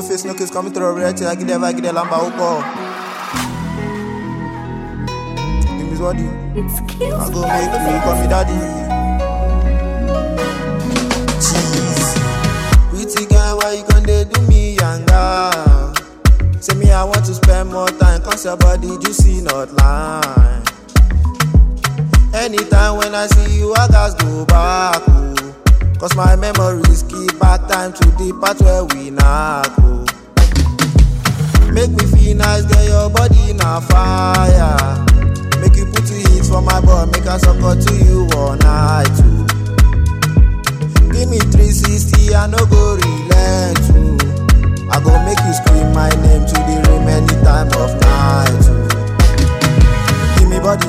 No face, no kiss, coming through a reality. I get ever get a lamba Give me is Wadi. I go make you call me daddy. Jeez. Pretty girl, why you gonna do me younger? Say me, I want to spend more time. Cause your body juicy, not line. Anytime when I see you, I just go back. Oh. Cause my memories keep back time to the part where we not. Make me feel nice, girl, your body in a fire. Make you put two hits for my boy, make I sucker to you all night too. Give me 360, I no go relent too. I go make you scream my name to the room any time of night too. Give me body,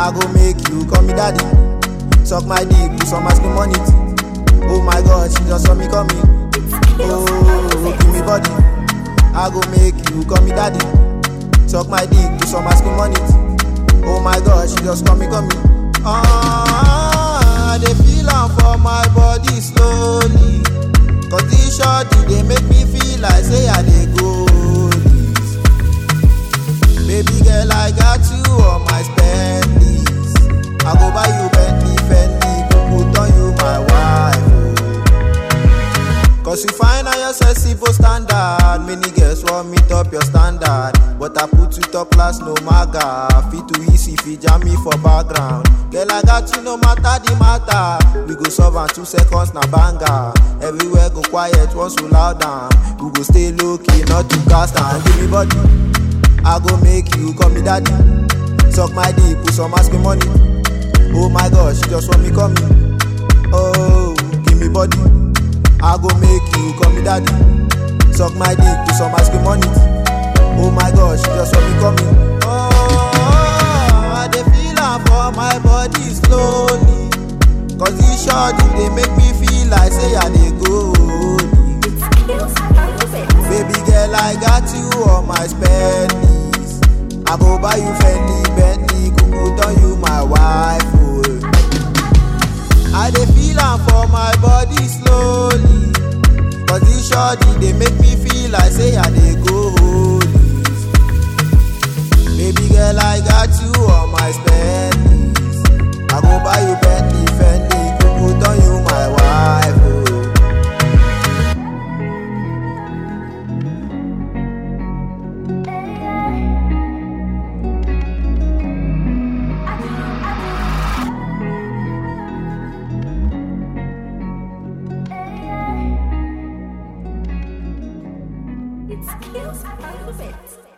I go make you call me daddy. Suck my dick, put some ice cream on it. Oh my god, she just saw me coming. Oh I go make you call me daddy. Suck my dick, do some asking money. Oh my god, she just call me, call me. Ah, they feel for my body slow. Cause you find out your sexy for standard. Many girls want me top your standard. But I put you top class, no maga. Fit too easy, fit jam me for background. Girl, I got you no matter the matter. We go solve and two seconds, na banger. Everywhere go quiet, once we loud down. We go stay low key, not too cast down. Give me body. I go make you call me daddy. Suck my dick, put some ask me money. Oh my gosh, she just want me coming. Oh, give me body. I go make you call me daddy. Suck my dick to some asking money. Oh my gosh, just for me coming. Oh, I dey feel am for my body slowly. Cause this shorty they make me feel like say I dey go. Baby girl, I got you on my spare list. I go buy you Fendi, Bentley, Kuku, turn you my wife. shoddy, they make me feel like say I dey go holies. Baby girl, I got you on my spendings. I go buy you Bentley, Fendi. Aqui é o Sapato Verdes.